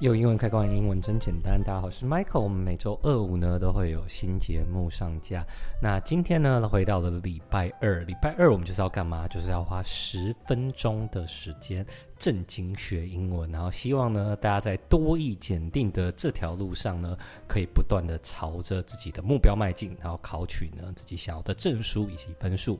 用英文易開罐，用英文真簡單。大家好，我是 Michael。我們每周二五呢都會有新節目上架。那今天呢，回到了禮拜二。禮拜二我們就是要幹嘛？就是要花十分鐘的時間正經學英文。然後希望呢，大家在多益檢定的這條路上呢，可以不斷地朝着自己的目標邁進，然後考取呢自己想要的證書以及分數。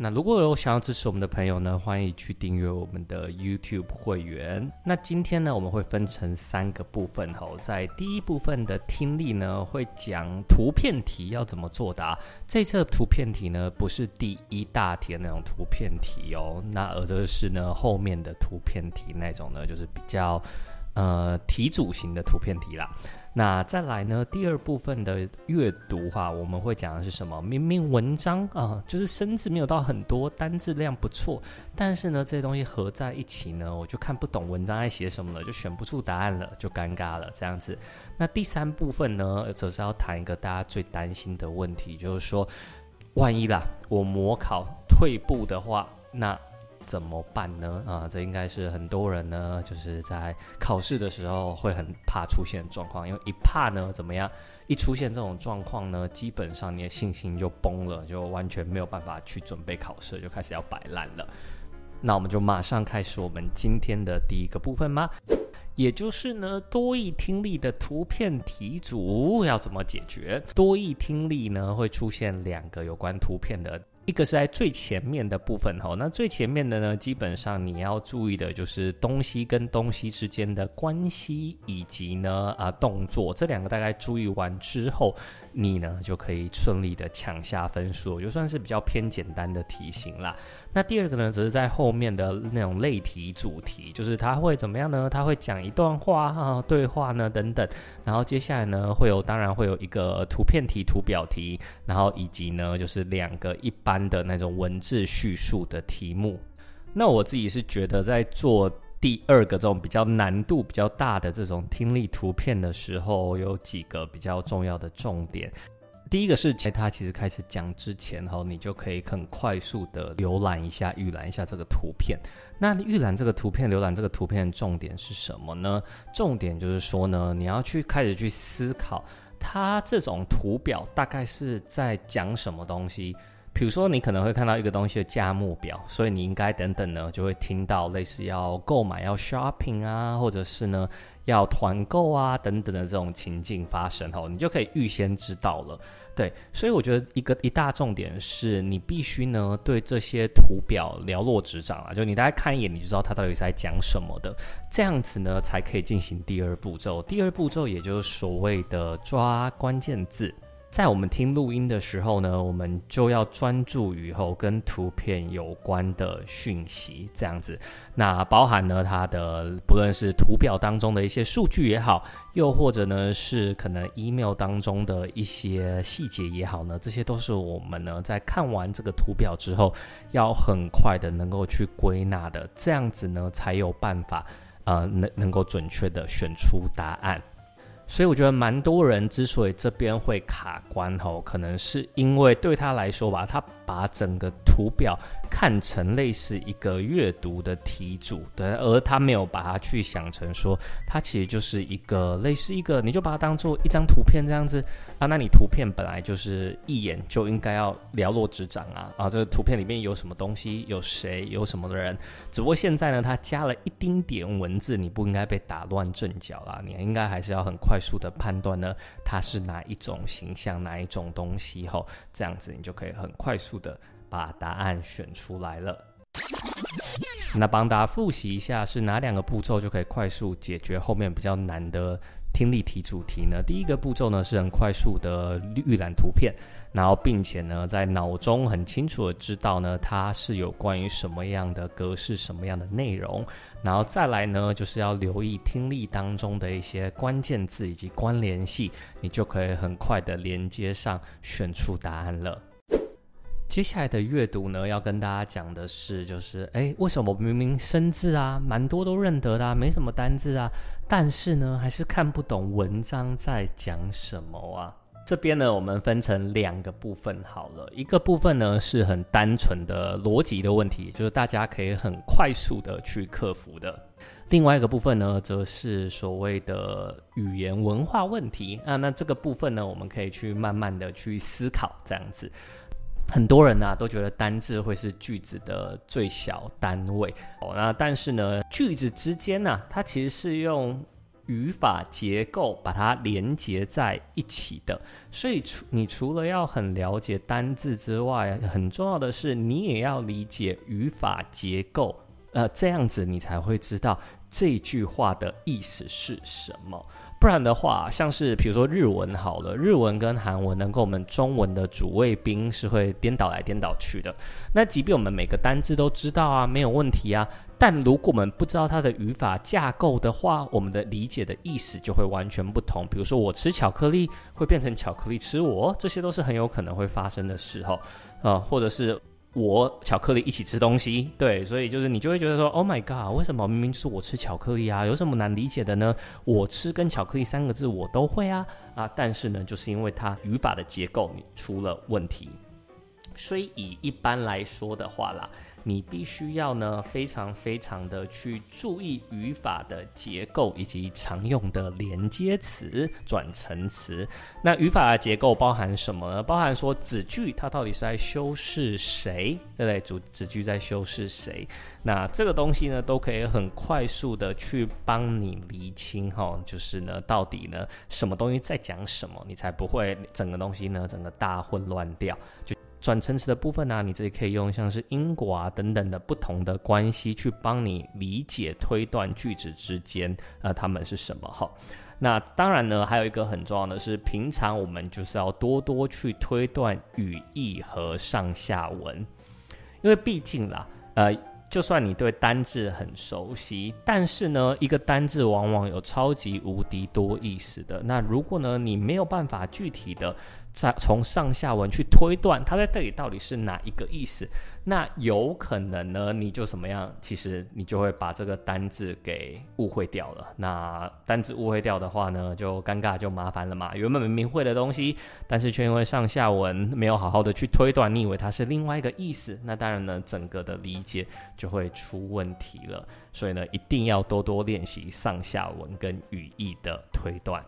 那如果有想要支持我們的朋友呢，歡迎去訂閱我們的 YouTube 會員。那今天呢，我們會分成三個部分吼，在第一部分的聽力呢，會講圖片題要怎麼作答啊。這次圖片題呢，不是第一大題的那種圖片題哦，那而這是呢，後面的圖片題那種呢，就是比較。呃，題組型的圖片題啦。那再來呢，第二部分的閱讀的話，我們會講的是什麼？明明文章啊、呃，就是生字沒有到很多，單字量不錯，但是呢，這些東西合在一起呢，我就看不懂文章在寫什麼了，就選不出答案了，就尷尬了。這樣子。那第三部分呢，則是要談一個大家最擔心的問題，就是說，萬一啦，我模考退步的話，那。怎麼辦呢？啊、呃，這應該是很多人呢，就是在考試的時候會很怕出現狀況，因為一怕呢，怎麼樣？一出現這種狀況呢，基本上你的信心就崩了，就完全沒有辦法去準備考試，就開始要擺爛了。那我們就馬上開始我們今天的第一個部分吧。也就是呢，多益聽力的圖片題組要怎麼解決？多益聽力呢會出現兩個有關圖片的。一個是在最前面的部分吼，那最前面的呢，基本上你要注意的就是東西跟東西之間的關係，以及呢啊，動作，這兩個大概注意完之後。你呢就可以順利的搶下分數，就算是比較偏簡單的題型啦。那第二個呢，則是在後面的那種類題主題，就是他會怎麼樣呢？他會講一段話、啊、對話呢等等。然後接下來呢，會有當然會有一個圖片題、圖表題，然後以及呢，就是兩個一般的那種文字敘述的題目。那我自己是覺得在做。第二個這種比較難度比較大的這種聽力圖片的時候，有幾個比較重要的重點。第一個是在它其實開始講之前哈，你就可以很快速的瀏覽一下、預覽一下這個圖片。那預覽這個圖片、瀏覽這個圖片的重點是什麼呢？重點就是說呢，你要去開始去思考，它這種圖表大概是在講什麼東西。比如說，你可能會看到一個東西的價目表，所以你應該等等呢，就會聽到類似要購買、要 shopping 啊，或者是呢要團購啊等等的這種情境發生後，你就可以預先知道了。對，所以我覺得一個一大重點是你必須呢對這些圖表了若指掌啊，就你大概看一眼你就知道它到底是在講什麼的，這樣子呢才可以進行第二步驟。第二步驟也就是所謂的抓關鍵字。在我們聽錄音的時候呢，我們就要專注於後跟圖片有關的訊息，這樣子。那包含呢，它的不論是圖表當中的一些數據也好，又或者呢是可能 email 當中的一些細節也好呢，這些都是我們呢在看完這個圖表之後，要很快的能夠去歸納的，這樣子呢才有辦法啊、呃、能能夠準確的選出答案。所以我覺得蠻多人之所以這邊會卡關吼，可能是因為對他來說吧，他把整個。圖表看成類似一個閱讀的題組，對，而他沒有把它去想成說，它其實就是一個類似一個，你就把它當做一張圖片這樣子啊。那你圖片本來就是一眼就應該要瞭若指掌啊啊，這個圖片裡面有什麼東西，有誰，有什麼的人。只不過現在呢，它加了一丁點文字，你不應該被打亂陣腳啦，你應該還是要很快速的判斷呢，它是哪一種形象，哪一種東西吼，這樣子你就可以很快速的。把答案選出來了。那幫大家復習一下，是哪兩個步驟就可以快速解決後面比較難的聽力題組題呢？第一個步驟呢，是很快速的預覽圖片，然後並且呢，在腦中很清楚的知道呢，它是有關於什麼樣的格式、什麼樣的內容。然後再來呢，就是要留意聽力當中的一些關鍵字以及關聯性，你就可以很快的連接上，選出答案了。接下來的閱讀呢，要跟大家講的是，就是誒、欸，為什麼明明生字啊，蠻多都認得的啊，沒什麼單字啊，但是呢，還是看不懂文章在講什麼啊？這邊呢，我們分成兩個部分好了，一個部分呢是很單純的邏輯的問題，就是大家可以很快速的去克服的；另外一個部分呢，則是所謂的語言文化問題啊。那這個部分呢，我們可以去慢慢的去思考，這樣子。很多人吶、啊、都覺得單字會是句子的最小單位哦，那但是呢，句子之間呢、啊，它其實是用語法結構把它連接在一起的。所以除你除了要很了解單字之外，很重要的是你也要理解語法結構，呃，這樣子你才會知道這句話的意思是什麼。不然的話，像是比如說日文好了，日文跟韓文，能夠我們中文的主謂賓是會顛倒來顛倒去的。那即便我們每個單字都知道啊，沒有問題啊，但如果我們不知道它的語法架構的話，我們的理解的意思就會完全不同。比如說我吃巧克力，會變成巧克力吃我，這些都是很有可能會發生的事哈啊，或者是。我巧克力一起吃東西，對，所以就是你就會覺得說，Oh my god，為什麼明明就是我吃巧克力啊？有什麼難理解的呢？我吃跟巧克力三個字我都會啊啊，但是呢，就是因為它語法的結構出了問題，所以以一般來說的話啦。你必須要呢，非常非常的去注意語法的結構以及常用的連接詞、轉承詞。那語法的結構包含什麼呢？包含說子句，它到底是在修飾誰，對不對？主子句在修飾誰？那這個東西呢，都可以很快速的去幫你釐清哈，就是呢，到底呢，什麼東西在講什麼，你才不會整個東西呢，整個大混亂掉就。轉承詞的部分呢、啊，你這裡可以用像是因果啊等等的不同的關係去幫你理解推斷句子之間啊、呃，他們是什麼哈。那當然呢，還有一個很重要的是，平常我們就是要多多去推斷語義和上下文，因為畢竟啦，呃。就算你對單字很熟悉，但是呢，一個單字往往有超級無敵多意思的。那如果呢，你沒有辦法具體的在從上下文去推斷它在這裡到底是哪一個意思。那有可能呢，你就怎麼樣？其實你就會把這個單字給誤會掉了。那單字誤會掉的話呢，就尷尬，就麻煩了嘛。原本明明會的東西，但是卻因為上下文沒有好好的去推斷，你以為它是另外一個意思，那當然呢，整個的理解就會出問題了。所以呢，一定要多多練習上下文跟語義的推斷。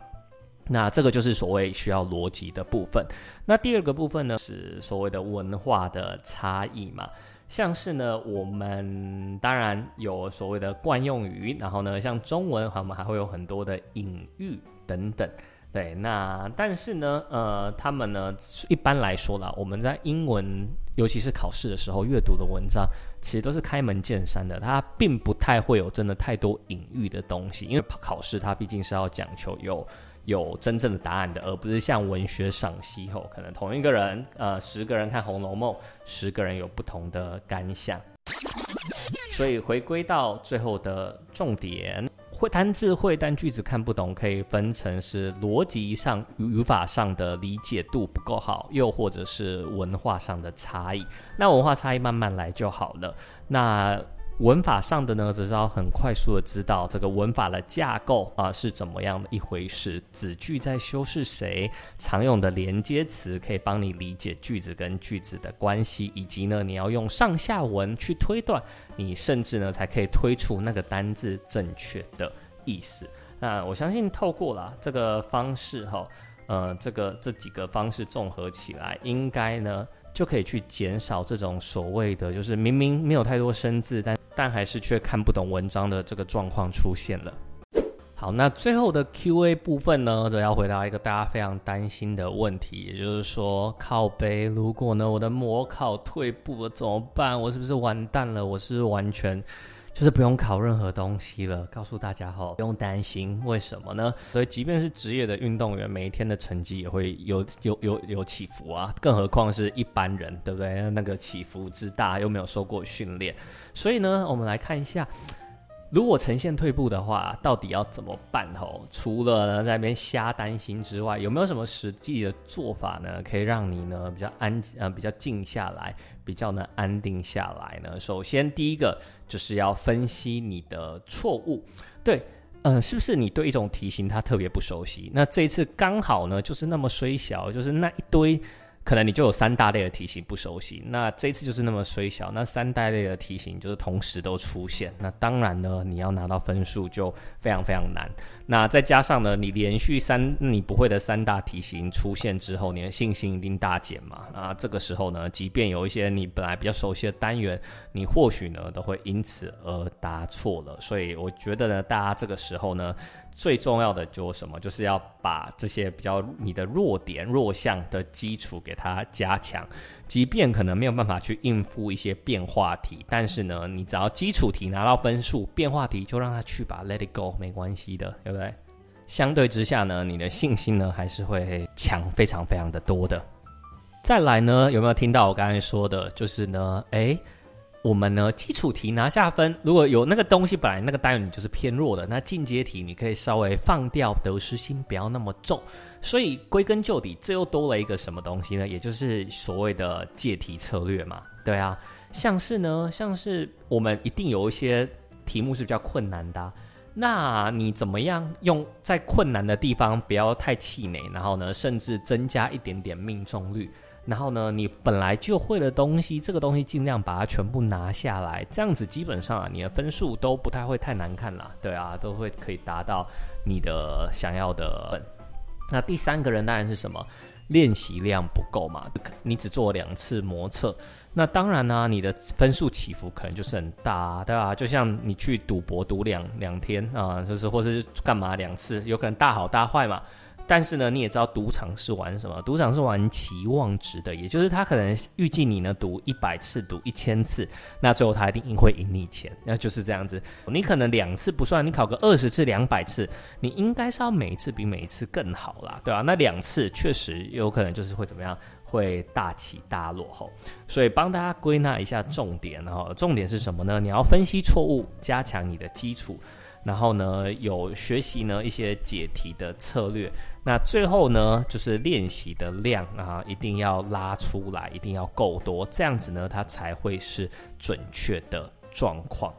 那這個就是所謂需要邏輯的部分。那第二個部分呢，是所謂的文化的差異嘛。像是呢，我們當然有所謂的慣用語，然後呢，像中文好像，我們還會有很多的隱喻等等。對，那但是呢，呃，他們呢，一般來說啦，我們在英文，尤其是考試的時候閱讀的文章，其實都是開門見山的，它並不太會有真的太多隱喻的東西，因為考試它畢竟是要講求有。有真正的答案的，而不是像文學賞析後，可能同一個人，呃，十個人看《紅樓夢》，十個人有不同的感想。所以回歸到最後的重點，會單字會，但句子看不懂，可以分成是邏輯上、語法上的理解度不夠好，又或者是文化上的差異。那文化差異慢慢來就好了。那。文法上的呢，則是要很快速的知道這個文法的架構啊是怎麼樣的一回事，子句在修飾誰，常用的連接詞可以幫你理解句子跟句子的關係，以及呢，你要用上下文去推斷，你甚至呢，才可以推出那個單字正確的意思。那我相信透過了這個方式哈，呃，這個這幾個方式綜合起來，應該呢就可以去減少這種所謂的就是明明沒有太多生字但但還是卻看不懂文章的這個狀況出現了。好，那最後的 QA 部分呢，則要回答一個大家非常擔心的問題，也就是說，靠背，如果呢，我的模考退步了怎麼辦？我是不是完蛋了？我是，是完全。就是不用考任何東西了，告訴大家吼，不用擔心。為什麼呢？所以即便是職業的運動員，每一天的成績也會有有有有起伏啊，更何況是一般人，對不對？那個起伏之大，又沒有受過訓練，所以呢，我們來看一下。如果呈現退步的話，到底要怎麼辦吼？除了呢在那邊瞎擔心之外，有沒有什麼實際的做法呢？可以讓你呢比較安、呃、比較靜下來，比較呢安定下來呢？首先第一個就是要分析你的錯誤，對，嗯、呃，是不是你對一種題型他特別不熟悉？那這一次剛好呢就是那麼衰小，就是那一堆。可能你就有三大類的題型不熟悉，那這次就是那麼衰小，那三大類的題型就是同時都出現，那當然呢，你要拿到分數就非常非常難。那再加上呢，你連續三你不會的三大題型出現之後，你的信心一定大減嘛。啊，這個時候呢，即便有一些你本來比較熟悉的單元，你或許呢都會因此而答錯了。所以我覺得呢，大家這個時候呢。最重要的就是什麼？就是要把這些比較你的弱點、弱項的基礎給它加強。即便可能沒有辦法去應付一些變化題，但是呢，你只要基礎題拿到分數，變化題就讓它去吧，Let it go，沒關係的，對不對？相對之下呢，你的信心呢還是會強非常非常的多的。再來呢，有沒有聽到我剛才說的？就是呢，哎、欸。我們呢，基礎題拿下分。如果有那個東西，本來那個單元你就是偏弱的，那進階題你可以稍微放掉，得失心不要那麼重。所以歸根究底，這又多了一個什麼東西呢？也就是所謂的解題策略嘛。對啊，像是呢，像是我們一定有一些題目是比較困難的，啊，那你怎麼樣用在困難的地方不要太氣餒，然後呢，甚至增加一點點命中率。然後呢，你本來就會的東西，這個東西儘量把它全部拿下來，這樣子基本上啊，你的分數都不太會太難看啦。對啊，都會可以達到你的想要的。那第三個人當然是什麼？練習量不夠嘛，你只做兩次模測，那當然呢、啊，你的分數起伏可能就是很大，對吧？就像你去賭博賭兩兩天啊、呃，就是或是幹嘛兩次，有可能大好大壞嘛。但是呢，你也知道賭場是玩什麼？賭場是玩期望值的，也就是他可能預計你呢賭一百次、賭一千次，那最後他一定會贏你錢，那就是這樣子。你可能兩次不算，你考個二十次、兩百次，你應該是要每一次比每一次更好啦，對啊，那兩次確實有可能就是會怎麼樣，會大起大落後。所以幫大家歸納一下重點，然後重點是什麼呢？你要分析錯誤，加強你的基礎，然後呢有學習呢一些解題的策略。那最後呢，就是練習的量啊，一定要拉出來，一定要夠多，這樣子呢，它才會是準確的狀況。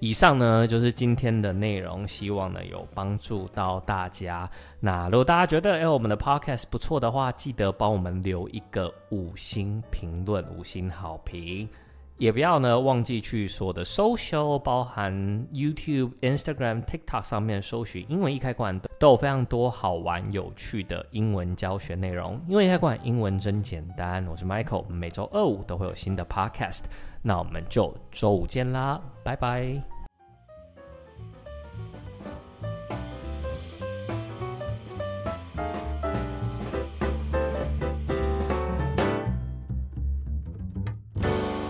以上呢就是今天的內容，希望呢有幫助到大家。那如果大家覺得哎、欸，我們的 podcast 不錯的話，記得幫我們留一個五星評論，五星好評。也不要呢忘記去說的，social 包含 YouTube、Instagram、TikTok 上面搜尋英文，易開罐都有非常多好玩有趣的英文教學內容。英文易開罐，英文真簡單。我是 Michael，我們每周二五都會有新的 Podcast，那我們就周五見啦，拜拜。